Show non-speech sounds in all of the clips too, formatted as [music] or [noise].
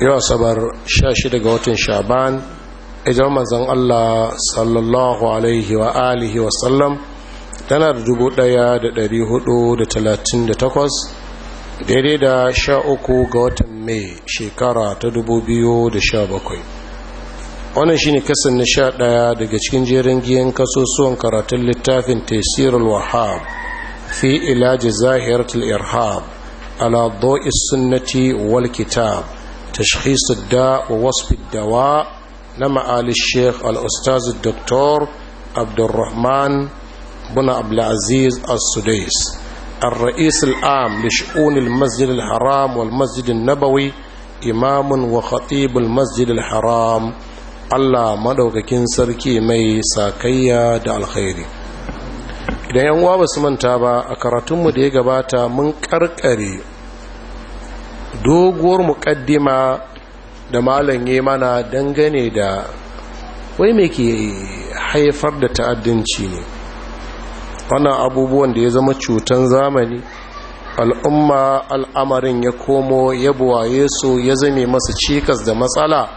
yau asabar 16 ga watan shaban idan manzan Allah sallallahu alaihi wa alihi sallam tana da talatin da takwas, daidai da sha uku ga watan mai shekara ta 2017 wannan shi ne kasan na 11 daga cikin jerin giyan kasusuwan karatun littafin tesirul wahab fi ilaji zahirar irhab ala do'is sunnati wal kitab تشخيص الداء ووصف الدواء نما آل الشيخ الأستاذ الدكتور عبد الرحمن بن عبد العزيز السديس الرئيس العام لشؤون المسجد الحرام والمسجد النبوي إمام وخطيب المسجد الحرام Allah maɗaukakin sarki mai sakayya da alkhairi idan yan uwa basu manta ba a karatunmu da ya gabata mun karkare doguwar muƙaddima da malam ya mana dangane da wai mai ke haifar da ta'addanci ne wannan abubuwan da ya zama cutan zamani al'umma al'amarin ya komo ya buwaye su ya zame masa cikas da matsala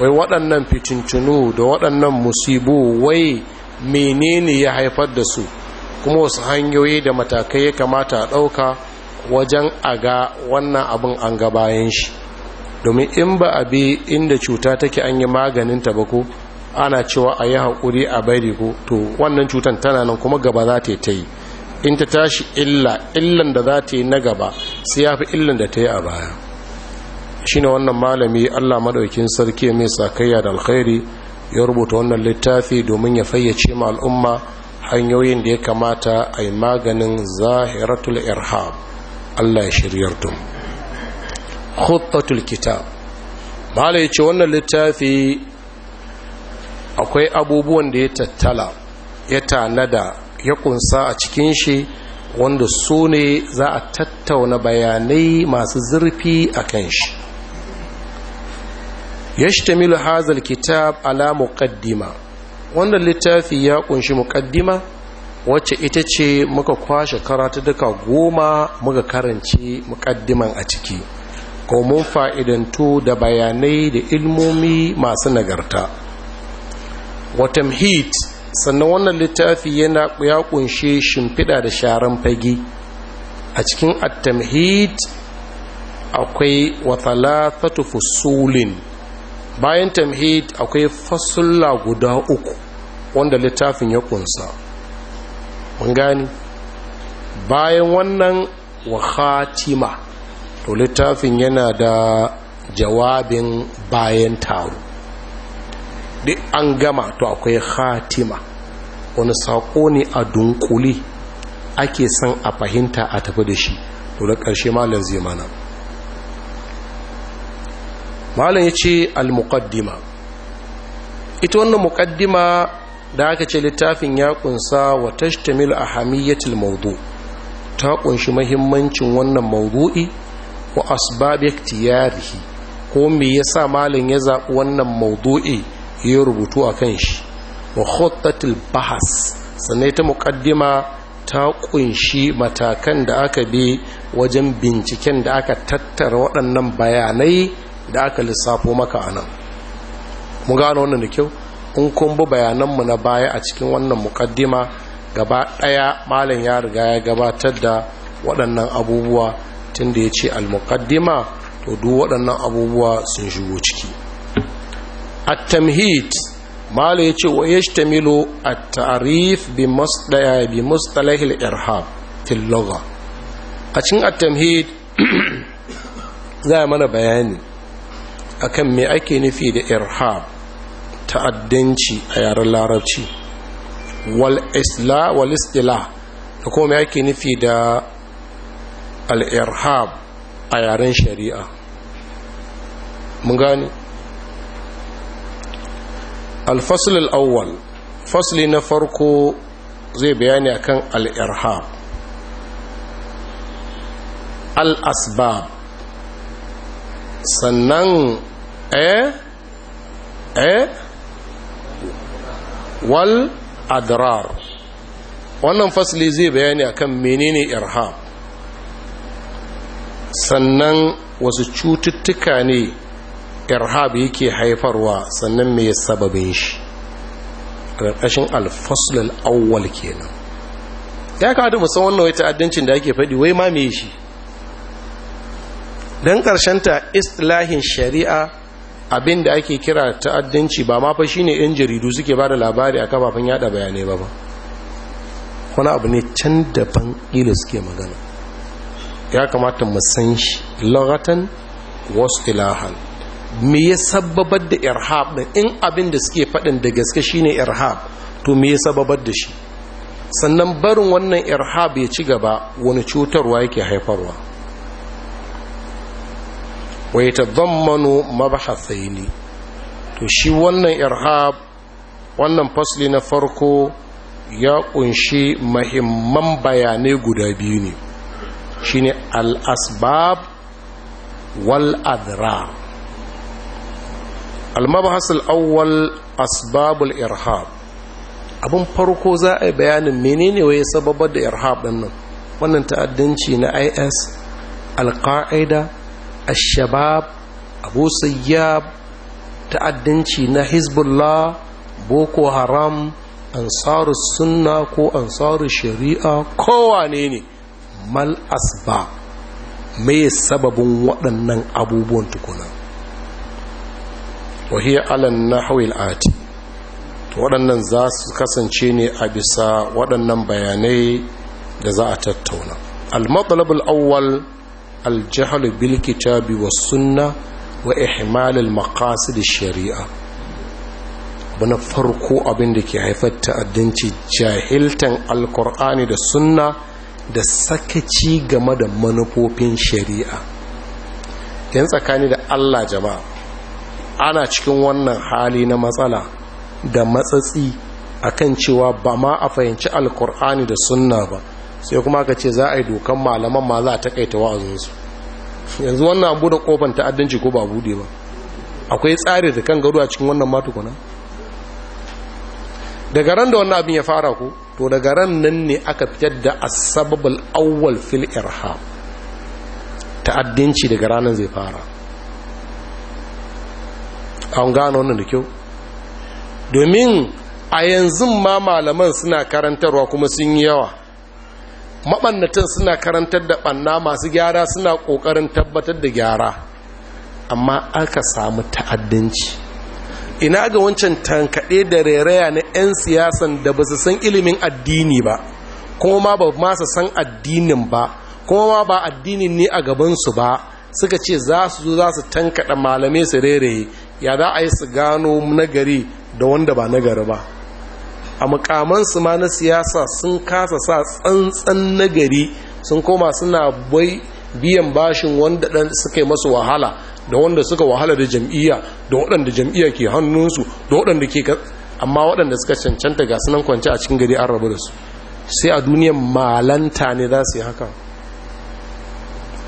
wai waɗannan fitintunu da waɗannan musibu wai menene ya haifar da su kuma wasu hanyoyi da matakai ya kamata a ɗauka wajen a ga wannan abin an ga bayan shi domin in ba a bi inda cuta take an yi maganinta ba ko ana cewa a yi haƙuri a bari ko to wannan cutar tana nan kuma gaba za ta yi ta yi in ta tashi illa illan da za ta yi na gaba sai ya fi illan da ta yi a baya shi ne wannan malami allah maɗaukin sarki mai sakayya da alkhairi ya rubuta wannan littafi domin ya fayyace ma al'umma hanyoyin da ya kamata a yi maganin zahiratul irhab Allah ya shiryar tun. khutatul kitab ya yace wannan littafi akwai abubuwan da ya tattala ya tanada ya kunsa a cikin shi wanda su ne za a tattauna bayanai masu zurfi a kan shi yashtamilu hazal kitab ala muqaddima wannan littafi ya kunshi muqaddima wacce ita ce muka kwashe karatu duka goma muka karanci mukaddiman a ciki ko fa'idantu da bayanai da ilmomi masu nagarta watan heat sannan wannan littafi yana ya kunshe shimfiɗa da sharan fage a cikin atam heat akwai wathalatatu fusulin bayan tamhid akwai fasulla guda uku wanda littafin ya kunsa mun gani bayan wannan wa khatima to littafin yana da jawabin bayan taro duk an gama to akwai khatima wani saƙo ne a dunkule ake son a fahimta a tafi da shi to da ƙarshe malam zai mana malam ya ce al-muqaddima ita wannan muqaddima da aka ce littafin ya kunsa wa tashtamil a hamiyyatil maudu ta kunshi mahimmancin wannan maudu'i wa asbab ikhtiyarihi ko me yasa malin ya zaɓi wannan maudu'i ya rubutu a kan shi wa khuttatil bahas sannan ta muƙaddima ta kunshi matakan da aka bi wajen binciken da aka tattara waɗannan bayanai da aka lissafo maka a nan. mu gano wannan da kyau in kun bi bayananmu na baya a cikin wannan mukaddima gaba ɗaya malam ya riga ya gabatar da waɗannan abubuwa tun da ya ce al-mukaddima to duk waɗannan abubuwa sun shigo ciki at-tamhid malam ya ce wa yashtamilu at-ta'rif bi masdaya bi mustalah al-irhab fil lugha a cikin at-tamhid [clears throat] za mana bayani akan me ake nufi da irhab ta'addanci a yaren larabci wal isla wal istila da kuma yake nufi da al-irhab a yaren shari'a mun gani al-fasl al-awwal fasli na farko zai bayani akan al-irhab al-asbab sannan eh eh wal adrar wannan fasli zai bayani akan menene irhab sannan wasu cututtuka ne irhab yake haifarwa sannan me sababin shi ƙarƙashin alfasul awwal kenan ya kada musan wannan wai ta'addancin da ake faɗi wai ma me shi don ta istilahin shari'a abin da ake kira ta'addanci ba ma fa shine yan jaridu suke ba da labari a kafafen yada bayanai ba ba wani abu ne can daban ila suke magana ya kamata mu san shi lagatan wasu ilahan me ya sababar da irhab din in abin da suke faɗin da gaske shine irhab to me ya sababar da shi sannan barin wannan irhab ya ci gaba wani cutarwa yake haifarwa wa yatadammanu ne to shi wannan irhab wannan fasli na farko ya kunshi mahimman bayanai guda biyu ne shine ne al'asbab wal adrar al-mabhas awwal asbab irhab abin farko za a yi bayanin menene waye sababar da irhab din nan wannan ta'addanci na IS al-qaida ashabab abu sayyab ta'addanci na hezbollah boko haram ansaru sunna ko ansaru shari'a kowane ne mal asba mai sababin waɗannan abubuwan tukuna wahiyar alan na hawil ati waɗannan za su kasance ne a bisa waɗannan bayanai da za a tattauna al Auwal. aljahal bil kitabi was sunna wa ihmal al shari'a bana farko abin da ke haifar ta'addanci jahiltan alkur'ani da sunna da sakaci game da manufofin shari'a yan tsakani da Allah jama'a ana cikin wannan hali na matsala da matsatsi akan cewa ba ma a fahimci alkur'ani da sunna ba sai kuma ka ce za a yi dokan malaman ma za a takaita wa'azinsu yanzu wannan abu da kofan ta'addanci ko ba bude ba akwai tsari da kan gado a cikin wannan matukuna daga ran da wannan abin ya fara ku to daga ran nan ne aka fitar da asababul awwal fil irham ta'addanci daga ranar zai fara an gano wannan da kyau domin a yanzu ma malaman suna karantarwa kuma sun yi yawa maɓannatan suna karantar da ɓanna masu gyara suna kokarin tabbatar da gyara amma aka samu ta'addanci ina ga wancan tankade da rairaya na 'yan siyasan da ba su san ilimin addini ba kuma ma ba masa san addinin ba kuma ma ba addinin ne a gabansu ba suka ce za su zo za su tankada malamai su rairaye ya za a yi su gano nagari da wanda ba nagari ba a mukamansu ma na siyasa sun kasa sa tsantsan nagari sun koma suna bai biyan bashin wanda dan suka yi masu wahala da wanda suka wahala da jam'iyya da waɗanda jam'iyya ke hannunsu da waɗanda ke amma waɗanda suka cancanta ga sunan kwance a cikin gari an rabu da su sai a duniyar malanta ne za su yi haka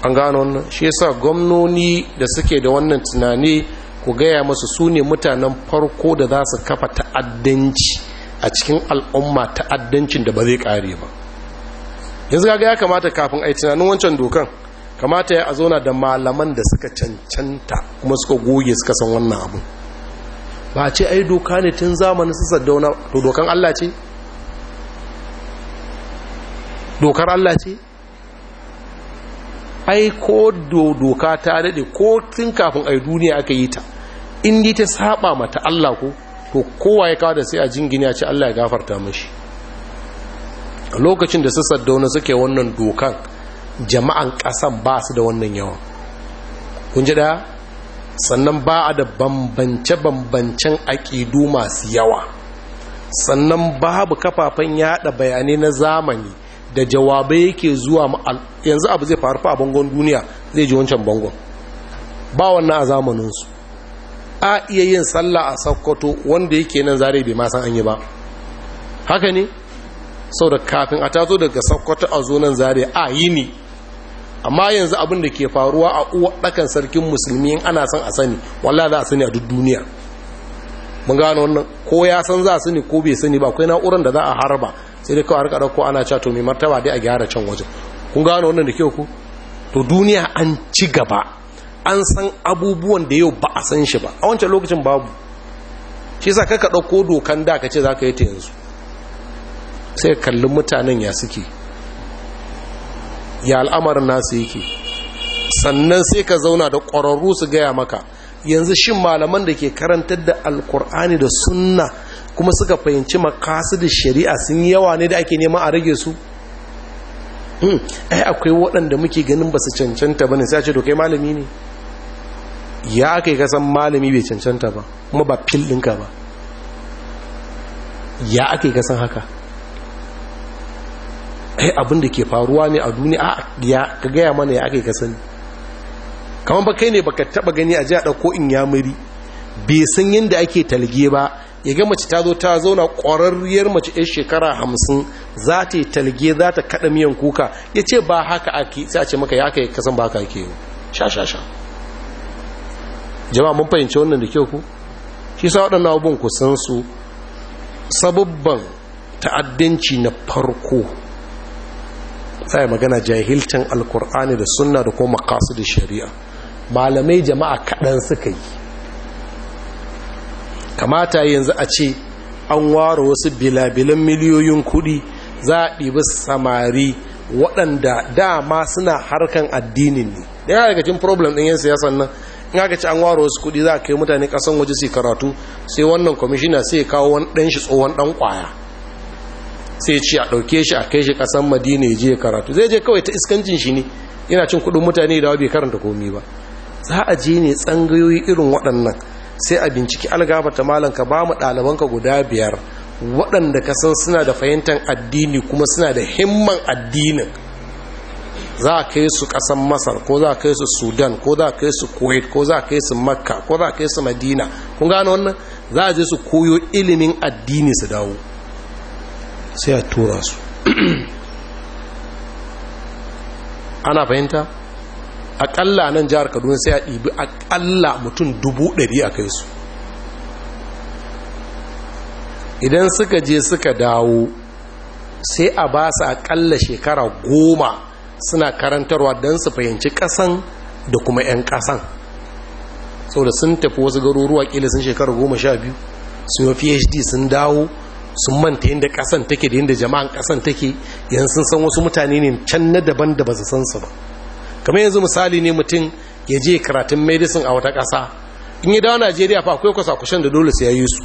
an gano wannan shi yasa gwamnoni da suke da wannan tunani ku gaya masu su ne mutanen farko da za su kafa ta'addanci a cikin al'umma ta'addancin da ba zai kare ba yanzu kaga ya kamata kafin a yi tunanin wancan dokan kamata ya a zauna da malaman da suka cancanta kuma suka goge suka san wannan abu ba a ce ai doka ne tun zamanin su saddauna to dokan Allah ce dokar Allah ce ai ko doka ta dade ko tun kafin ai duniya aka yi ta in ta saba mata Allah ko to kowa ya kada da sai a jingina ce Allah ya gafarta mashi a lokacin da su saddauna suke wannan dokan jama'an kasan ba su da wannan yawan kun ji da sannan ba a da bambance-bambancen aƙidu masu yawa sannan babu kafafen yada bayanai na zamani da jawabai yake zuwa yanzu abu zai faru fa a bangon duniya zai ji wancan bangon ba wannan a zamaninsu a iya yin sallah a sakkwato wanda yake nan zare bai ma san an yi ba haka ne sau da kafin a tazo daga sakkwato a zo nan zare a yi ne amma yanzu abin da ke faruwa a uwa ɗakan sarkin musulmi in ana son a sani wallah za a sani a duk duniya mun gano wannan ko ya san za a sani ko bai sani ba akwai na'urar da za a harba sai dai kawai harkar ko ana to mai martaba dai a gyara can wajen kun gano wannan da kyau ku to duniya an ci gaba an san abubuwan da yau ba a san shi ba a wancan lokacin babu shi sa kaka ɗauko dokan da ka ce za ka yi ta yanzu sai kallon mutanen ya suke ya al'amarin nasu yake sannan sai ka zauna da ƙwararru su gaya maka yanzu shi malaman da ke karantar da alkur'ani da sunna kuma suka fahimci makasu da shari'a sun yawa ne da ake nema a rage su hmm, ai akwai waɗanda muke ganin ba su cancanta ba ne sai a ce dokai kai malami ne ya aka yi kasan malami bai cancanta ba kuma ba fil ɗinka ba ya aka yi kasan haka ai abinda ke faruwa ne a duniya ya ka gaya mana ya aka yi kasan kamar ba kai ne baka taɓa gani a ji a ɗauko in bai san yadda ake talge ba ya ga mace ta zo ta zauna ƙwararriyar mace 'yan shekara hamsin za ta yi talge za ta kaɗa miyan kuka ya ce ba haka ake sai ce maka ya aka yi kasan ba haka ake yi sha sha sha jama'a mun fahimci wannan da kyau ku shi sa waɗannan abubuwan ku san su sabubban ta'addanci na farko a magana jahilcin alkur'ani da sunna da kuma makasu da shari'a malamai jama'a kaɗan suka yi kamata yanzu a ce an ware wasu bilabilan miliyoyin kuɗi za a ɗibi samari waɗanda dama suna harkan addinin ne ɗaya daga cikin problem ɗin yan siyasan nan in ci an ware wasu kuɗi za a kai mutane ƙasan waje su karatu sai wannan kwamishina sai ya kawo wani ɗan shi tsohon ɗan kwaya sai ci a ɗauke shi a kai shi ƙasan madina ya je karatu zai je kawai ta iskancin shi ne yana cin kuɗin mutane da bai karanta komi ba za a je ne tsangayoyi irin waɗannan sai a binciki algaba ta malam ka ba mu ka guda biyar waɗanda ka san suna da fahimtar addini kuma suna da himman addinin za a kai su kasan masar ko za a kai su sudan ko za a kai su kuwait ko za a kai su makka ko za a kai su madina kun gano wannan za a je su koyo ilimin addini su dawo sai a tura su [clears throat] ana fahimta akalla nan jihar kaduna sai a ɗibi akalla mutum dubu ɗari a kai su idan suka je suka dawo sai a ba su akalla shekara goma suna karantarwa don su fahimci kasan da kuma 'yan kasan. saboda sun tafi wasu garuruwa kila sun shekara goma sha biyu sun yi phd sun dawo sun manta yadda kasan take da yadda jama'an kasan take 'Yan sun san wasu mutane ne can na daban da ba su san su ba kamar yanzu misali ne mutum ya je karatun medicine a wata kasa in yi dawo najeriya fa akwai kwasa-kwashen da dole su ya yi su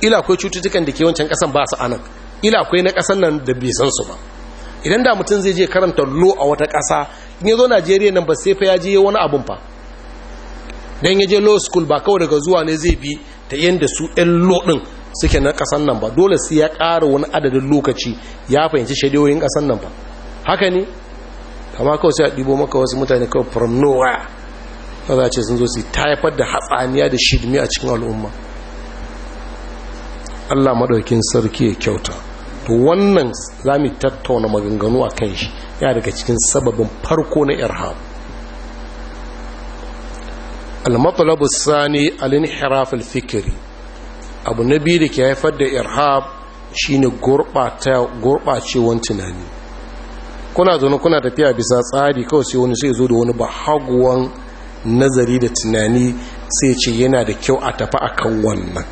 ila akwai cututtukan da ke wancan ƙasan ba su anan ila akwai na kasan nan da bai san su ba idan da mutum zai je karanta lo a wata ƙasa in ya zo najeriya nan ba sai fa ya je wani abun fa don ya je law school ba kawai daga zuwa ne zai bi ta yadda su 'yan lo ɗin suke na ƙasan nan ba dole sai ya ƙara wani adadin lokaci ya fahimci shaidiyoyin ƙasan nan ba haka ne amma kawai sai a ɗibo maka wasu mutane kawai from nowhere ba za ce sun zo su ta haifar da hatsaniya da shidmi a cikin al'umma Allah maɗaukin sarki ya kyauta to wannan za mu tattauna maganganu a kan shi ya daga cikin sababin farko na irham al-matlabu sani al-inhiraf al-fikri abu na biyu da ke haifar da irhab shine gurbata gurbacewan tunani kuna zo kuna tafiya bisa tsari kawai sai wani sai zo da wani bahaguwan nazari da tunani sai ce yana da kyau a tafi akan wannan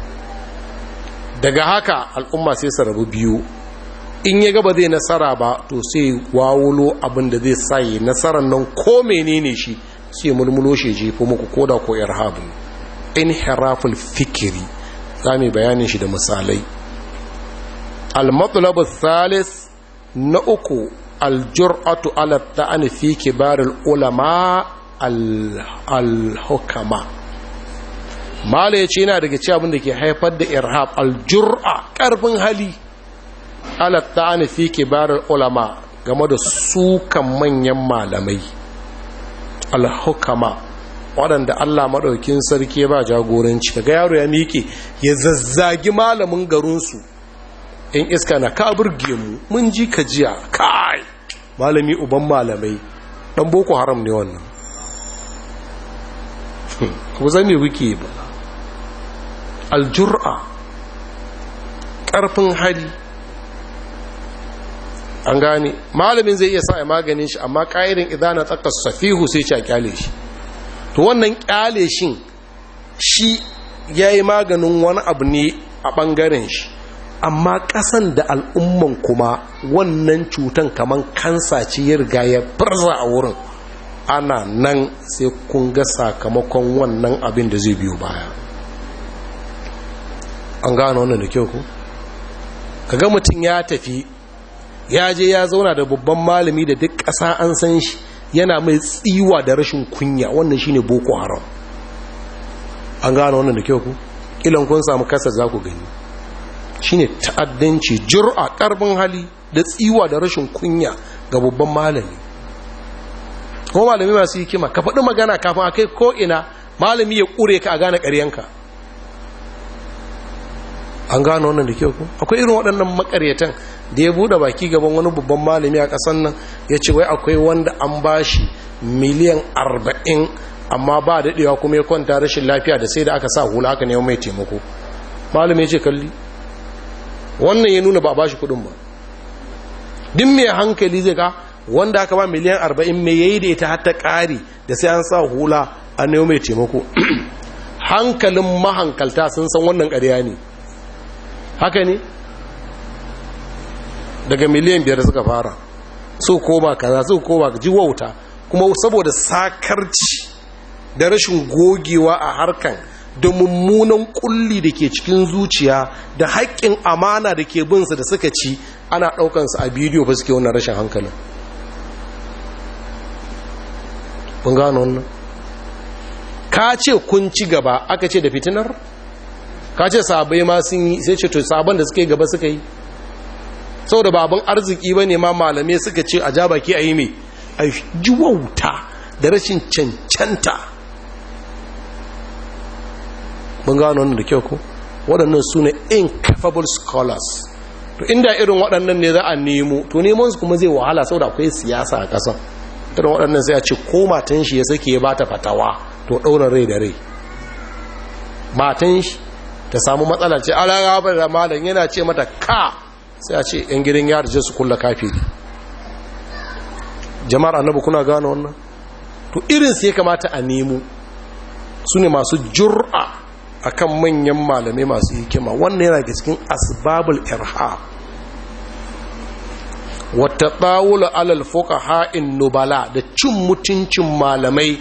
daga haka al'umma sai su rabu biyu in ya gaba zai nasara ba to sai wawulo abin da zai sayi nasarar nan ko menene shi sai mulmulo shi jefo muku koda ko irhabu in harafin fikiri za mu bayanin shi da misalai al-matlab thalis na uku al-jur'atu ala ta'an fi kibar ulama al-hukama mala yace yana daga cikin abin da ke haifar da irhab al-jur'a karfin hali ala ta'ani fi kibarar ulama game da sukan manyan malamai alhukama waɗanda Allah maɗaukin sarki ba jagoranci ga yaro ya miƙe ya zazzagi malamin garinsu in iska na ka burge mu mun ji ka jiya kai malami uban malamai ɗan boko haram ne wannan hmm, ku zame wuke ba aljur'a ƙarfin hali an gane malamin zai iya sa maganin shi amma ƙa'irin na tsaka safihu sai ce a ƙyale shi to wannan ƙyale shi shi ya yi maganin wani abu ne a ɓangaren shi amma ƙasan da al'umman kuma wannan cutan kamar kansa ce ya riga ya birza a wurin ana nan sai kun ga sakamakon wannan abin da zai biyo baya an gane wannan da kyau ku kaga mutum ya tafi ya je ya zauna da babban malami da duk ƙasa an san shi yana mai tsiwa da rashin kunya wannan shine boko haram an gano wannan da kyau ku ilan kun samu kasa za ku gani shine ta'addanci jur'a karbin hali da tsiwa da rashin kunya ga babban malami ko malami masu hikima ka faɗi magana kafin a kai ko malami ya ƙure ka a gane ƙaryanka an gano wannan da kyau ku akwai irin waɗannan makaryatan da ya bude baki gaban wani babban malami a kasan nan ya ce wai akwai wanda an bashi miliyan arba'in amma ba daɗewa kuma ya kwanta rashin lafiya da sai da aka sa hula aka neman mai taimako malami ya ce kalli wannan ya nuna ba a shi kuɗin ba Duk mai hankali zai ga wanda aka ba miliyan arba'in mai yayi da ita ta ƙari da sai an sa hula a neman mai taimako [clears throat] hankalin mahankalta sun san wannan ƙarya ne haka ne daga miliyan biyar suka fara su koma kaza su ba ji wauta kuma saboda sakarci da rashin gogewa a harkan da mummunan kulli da ke cikin zuciya da haƙƙin amana da ke binsu da suka ci ana ɗaukansu a bidiyo ba suke wannan rashin hankali. kun gano wannan ka ce kun ci gaba aka ce da fitinar ka ce sabai ma sun yi sai ce to sabon da suka yi gaba suka yi saboda babin arziki bane ma malamai suka ce a jaba baki ayi yi mai a juwauta da rashin cancanta mun gano wannan da kyau ko waɗannan su ne incapable scholars to inda irin waɗannan ne za a nemo to neman su kuma zai wahala saboda akwai siyasa a ƙasa irin waɗannan sai a ce ko matan shi ya sake ya bata fatawa to ɗaurin rai da rai matan shi ta samu matsala ce alaƙa da malam yana ce mata ka sai a ce yan gidan yari je su kulla kafiri jama'ar annabu kuna gano wannan to irin sai kamata a nemo su ne masu jur'a a kan manyan malamai masu hikima wannan yana ga cikin asibabul irha. wata tsawula alal ha'in nubala da cin mutuncin malamai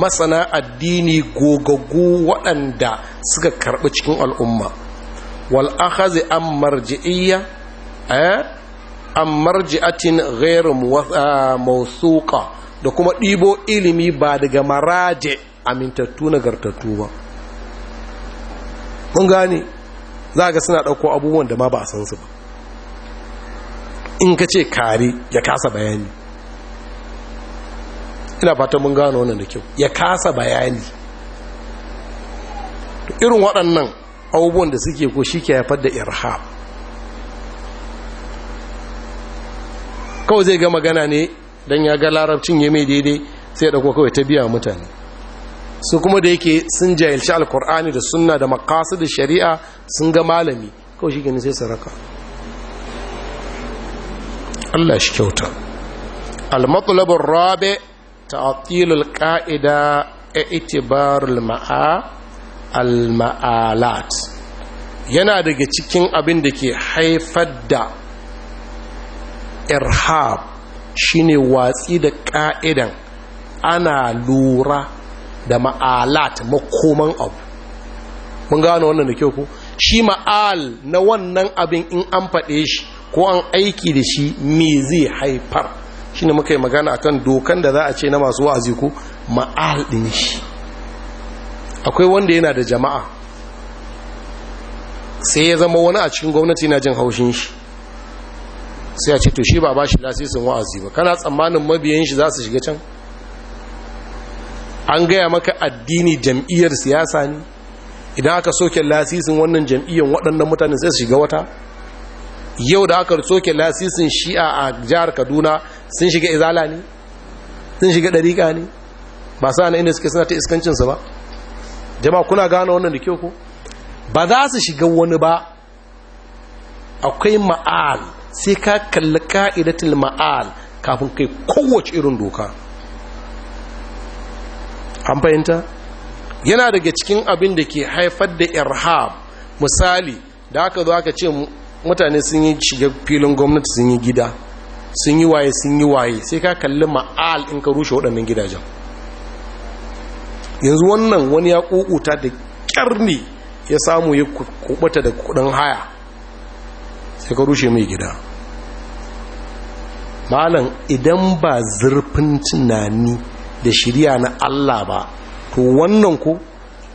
masana addini gogagu waɗanda suka karɓi cikin al'umma wal akhazi an marji'iyya Eh? an marji'atin ghairu mawsuqa da kuma ɗibo ilimi ba daga maraje amintattu nagartattu ba mun gani za ga suna ɗauko abubuwan da ma ba a san su ba in ka ce kare ya kasa bayani ina fata mun gano wannan da kyau ya kasa bayani irin waɗannan abubuwan da suke ko shi ke haifar da irhab kawai zai ga magana ne don ya ga larabcin ya mai daidai sai ya kawai ta biya mutane su kuma da yake sun jahilci alkur'ani da sunna da makasu da shari'a sun ga malami kawai shi gani sai saraka Allah shi kyauta rabe ta rabi ka'ida a e i'tibarul ma'a al yana daga cikin abin da ke haifar da irhab shine watsi da ka'idan ana lura da ma'alat makoman abu mun gano wannan da kyau ku shi ma'al na wannan abin in an faɗe shi ko an aiki da shi me zai haifar shi ne muka yi magana a kan dokan da za a ce na masu wa'azi ko ma'al ɗin shi akwai wanda yana da jama'a sai ya zama wani a cikin gwamnati na jin haushin shi sai a ce to shi ba ba shi lasisin wa'azi ba kana tsammanin mabiyan shi za su shiga can an gaya maka addini jam'iyyar siyasa ne idan aka soke lasisin wannan jam'iyyar waɗannan mutane sai su shiga wata yau da aka soke lasisin shi'a a jihar kaduna sun shiga izala ne sun shiga ɗariƙa ne ba sa na inda suke suna ta iskancinsu ba jama'a kuna gane wannan da kyau ko ba za su shiga wani ba akwai ma'al sai ka kalli ka'idatul ma'al kafin kai kowace irin doka an fahimta yana daga cikin abin da ke haifar da irhab misali da aka zo aka ce mutane sun yi shiga filin gwamnati sun yi gida sun yi waye sun yi waye sai ka kalli ma'al in ka rushe waɗannan gidajen yanzu wannan wani ya ƙuƙuta da ƙyar ne ya samu ya kubata da kuɗin haya sai ka rushe mai gida malam idan ba zurfin tunani da shirya na Allah ba to wannan ko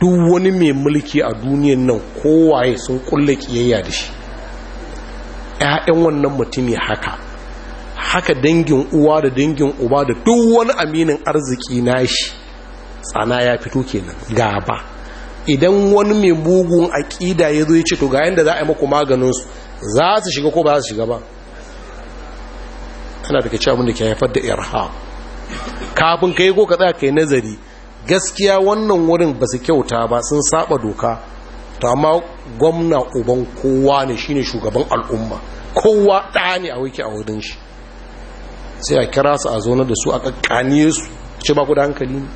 duk wani mai mulki a duniyan nan kowaye sun kulle kiyayya da shi ƴaƴan wannan mutumi haka haka dangin uwa da dangin uba da duk wani aminin arziki nashi tsana ya fito kenan gaba idan wani mai mugun aƙida ya zo ya ce to ga yanda za a yi maku maganinsu za su shiga ko ba su shiga ba ana daga cewa da ke haifar da irha kafin ka yi ko ka tsaya ka yi nazari gaskiya wannan wurin ba su kyauta ba sun saba doka to amma gwamna uban kowa ne shine shugaban al'umma kowa ɗa ne a wiki a wurin shi sai a kira su a zonar da su a kakkaniye su ce ba ku da hankali ne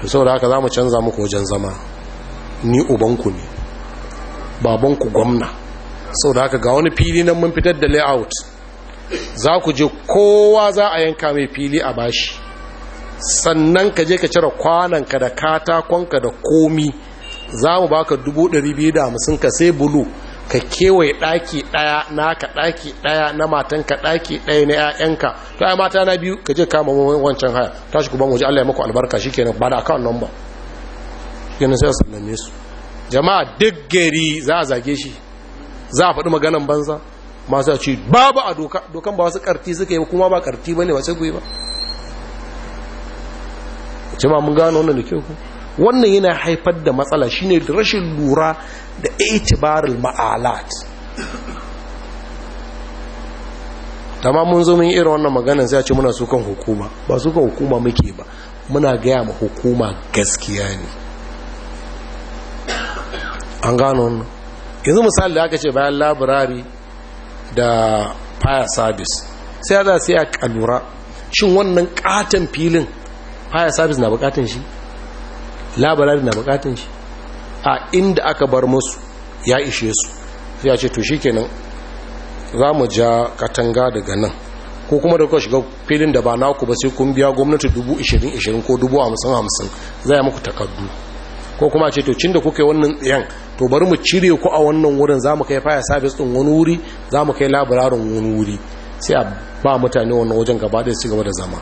to saboda haka za mu canza muku wajen zama ni ku ne babanku gwamna sau da haka ga wani fili nan mun fitar da layout za ku je kowa za a yanka mai fili a bashi sannan ka je ka cire kwananka da katakonka da komi za mu baka hamsin ka sai bulu ka kewaye ɗaki ɗaya ka ɗaki ɗaya na matanka ɗaki ɗaya na 'ya'yanka to ai mata na biyu ka je kama wancan haya ta shi ku ban waje allah ya maku albarka shi kenan ba da akawun nomba yana sai sallame su jama'a duk gari za a zage shi za a faɗi maganan banza masu ce babu a doka dokan ba wasu ƙarti suka yi kuma ba ƙarti ba ne ba sai ba jama'a mun gano wannan da kyau ku wannan yana haifar da matsala shine rashin lura da itibarul ma'alat ma mun zo mun irin wannan maganar sai a ce muna sukan hukuma ba sukan hukuma muke ba muna gaya ma hukuma gaskiya ne an gano yanzu misali da aka ce bayan labirari da fire service sai za sai a lura shin wannan katon filin fire service na bukatun shi labirari na bukatun shi a inda aka bar musu ya ishe su sai a ce to shikenan za mu ja katanga daga nan ko kuma da kuka shiga filin da ba naku ba sai kun biya gwamnati 20,000 ko 50,000 ya muku takardu ko kuma ce to cin da wannan yan to bari mu cire ku a wannan wurin za mu kai fire service din wani wuri za mu kai labararin wani wuri sai a ba mutane wannan wajen gaba ɗaya su gaba da zama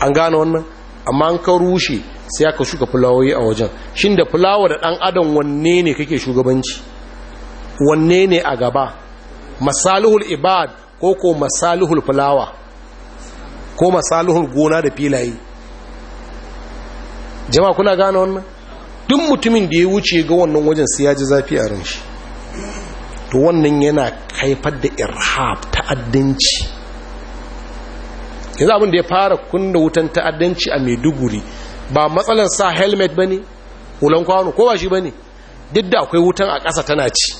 an gane wannan amma an ka rushe sai aka shuka fulawoyi a wajen shin da fulawa da ɗan adam wanne ne kake shugabanci wanne ne a gaba masalihul ibad ko ko masalihul fulawa ko masalihul gona da filaye jama'a kuna gane wannan duk mutumin da ya wuce ga wannan wajen sai ya ji zafi a ran shi to wannan yana haifar da irhab ta'addanci yanzu abin da ya fara kunna wutan ta'addanci a maiduguri ba matsalan sa helmet ba ne hulan kwano ko ba shi ba ne duk da akwai wutan a ƙasa tana ci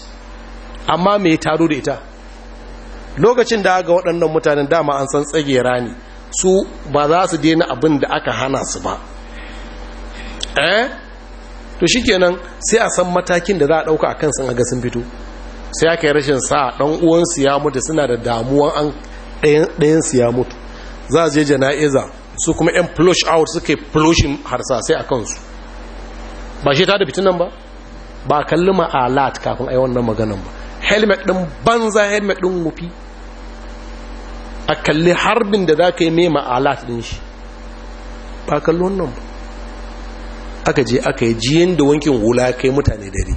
amma mai taro da ita lokacin da ga waɗannan mutanen dama an san tsagera ne su ba za su daina abin da aka hana su ba eh? to shikenan sai a san matakin da za a dauka akan sun ga sun fito sai aka yi rashin sa dan uwan su ya mutu suna da damuwa an ɗayan su ya mutu za a je jana'iza su kuma yan flush out suke harsa harsasai a su ba shi ta da nan ba ba kalli ma'alat kafin ai wannan maganan ba helmet din banza helmet din mufi a kalli harbin da za ka yi mai ma'alat din shi ba kalli wannan ba aka je aka yi jiyan da wankin hula ya kai mutane dare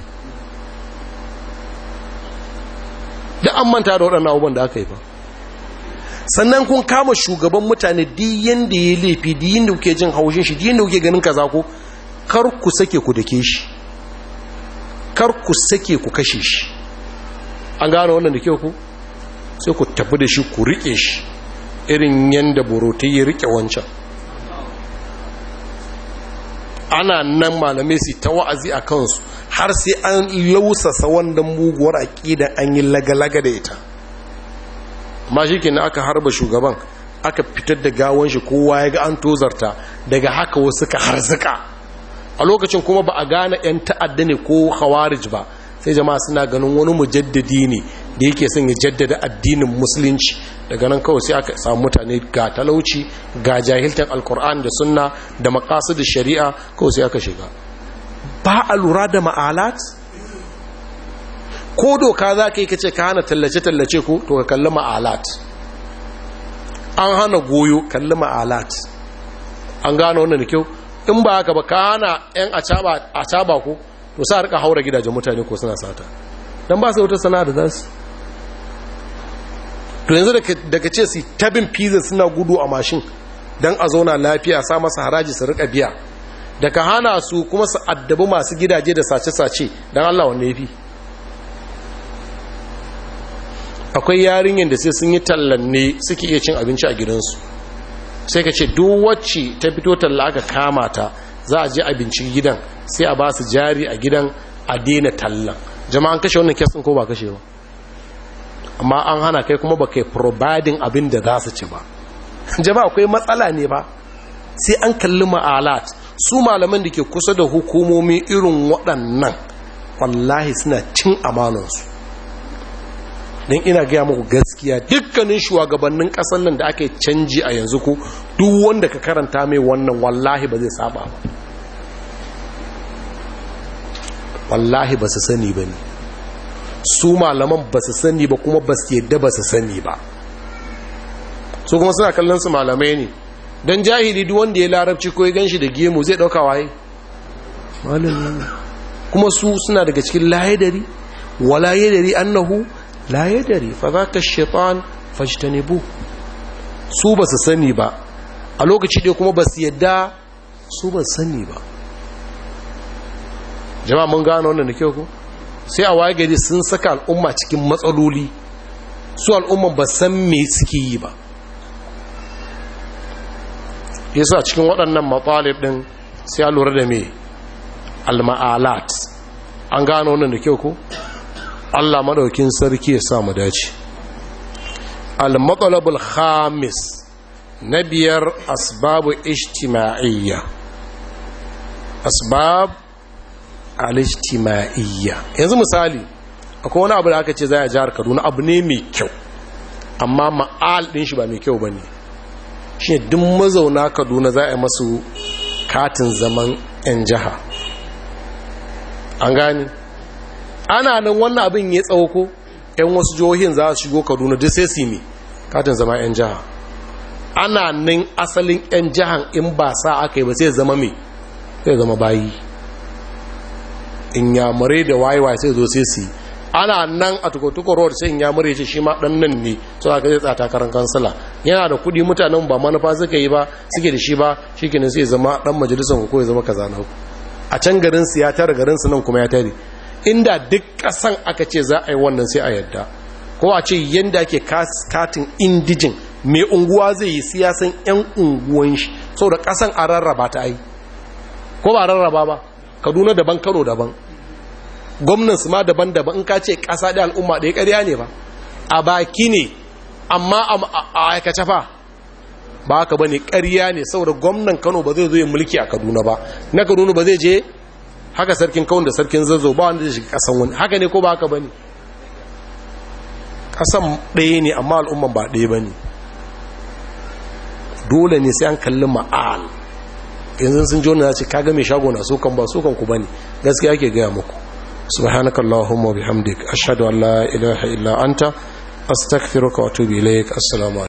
da an manta da waɗannan abubuwan da aka yi ba sannan kun kama shugaban mutane diyan da ya laifi di da kuke jin haushin shi di da kuke ganin kaza ko kar ku sake ku dake shi kar ku sake ku kashe shi an gane wannan da kyau ku sai ku tafi da shi ku riƙe shi irin yadda borotai ya riƙe wancan ana nan malamai su ta wa'azi a kansu har sai an lausasa wanda muguwar aƙida an yi lagalaga da ita ma shi kenan aka harba shugaban aka fitar da gawon shi kowa ya ga an tozarta daga haka wasu ka harzuka a lokacin kuma ba a gane 'yan ta'adda ne ko hawarij ba sai jama'a suna ganin wani mujaddadi ne da yake son ya jaddada addinin musulunci daga nan kawai sai aka samu mutane ga talauci ga jahiltar alkur'an da sunna da makasu da shari'a kawai sai aka shiga ba a lura da ma'alat ko doka za ka yi kace ka hana tallace-tallace ko to ka kalli ma'alat an hana goyo kalli ma'alat an gano wannan da kyau in ba haka ba ka hana 'yan caba ko to sa rika haura gidajen mutane ko suna sata don ba su wata sana'a da za su to yanzu daga ce su tabin pizza suna gudu a mashin don a zauna lafiya sa masa haraji su rika biya daga hana su kuma su addabi masu gidaje da sace-sace don allah wanne fi akwai yarinyar da sai sun yi tallanne suke iya cin abinci a gidansu sai ka ce duk wacce ta fito talla aka kama ta za a je abinci gidan sai a ba su jari a gidan a daina tallan jama'an kashe wannan kesin ko ba kashe ba amma an hana kai kuma ba kai providing abin da za su ci ba [laughs] jama'a akwai matsala ne ba sai an kalli ma'alat su malaman da ke kusa da hukumomi irin waɗannan wallahi suna cin amanansu don ina gaya muku gaskiya dukkanin shugabannin ƙasar nan da aka canji a yanzu ku duk wanda ka karanta mai wannan wallahi ba zai saba ba wallahi ba su sani ba ne su malaman ba su sani ba kuma ba su yadda ba su sani ba su kuma suna kallon su malamai ne don jahili duk wanda ya larabci ko ya ganshi da gemu zai dauka waye kuma su suna daga cikin layadari Wa layadari annahu layadari fa ka shaitan fajtanibu su ba su sani ba a lokaci da kuma ba su yadda su ba sani ba jama'a mun gano wannan da kyau ko sai a waye gari sun saka al'umma cikin matsaloli su al'umma ba san me suke yi ba yasa cikin waɗannan matsalib ɗin sai a lura da me alma'alat an gano wannan da kyau ko allah maɗaukin sarki ya sa mu dace al-matsalabul khamis na biyar asbabu ishtima'iyya asbab alistima'iyya yanzu misali akwai wani abu da aka ce zai a jihar kaduna abu ne mai kyau amma ma'al din shi ba mai kyau ba ne shi duk mazauna kaduna za a masu katin zaman 'yan jiha an gani ana nan wannan abin ya tsawoko 'yan wasu jihohin za su shigo kaduna duk sai su katin zama 'yan jiha ana nan asalin 'yan jihan in ba sa aka yi ba sai zama mai sai zama bayi inyamurai da wayewa sai zo sai su ana nan a tukotuko road sai inyamurai ce shi ma dan nan ne suna ka zai tsata karan kansila yana da kuɗi mutanen ba manufa suka yi ba suke da shi ba shikenan sai zama dan majalisar ko ya zama kaza na a can garin su ya tare garin su nan kuma ya tare inda duk kasan aka ce za a yi wannan sai a yadda ko a ce yanda ake katin indijin mai unguwa zai yi siyasan 'yan unguwan shi sau da kasan a rarraba ta ai ko ba rarraba ba kaduna daban kano daban gwamnati ma daban daban in ka ce ƙasa da al'umma ɗaya ƙarya ne ba a baki ne amma a aikace fa ba haka ba ne ƙarya ne saboda gwamnan kano ba zai zo yin mulki a kaduna ba na kaduna ba zai je haka sarkin kawun da sarkin zazzau ba wanda zai shiga ƙasan wani haka ne ko ba haka ba ne ƙasan ɗaya ne amma al'umman ba ɗaya ba ne dole ne sai an kalli ma'al yanzu sun jona wannan ce kaga mai shago na sukan ba sukan ku bane gaskiya ake gaya muku subhanakallahumma wa bihamdik ashhadu an la ilaha illa anta astaghfiruka wa atubu ilaik assalamu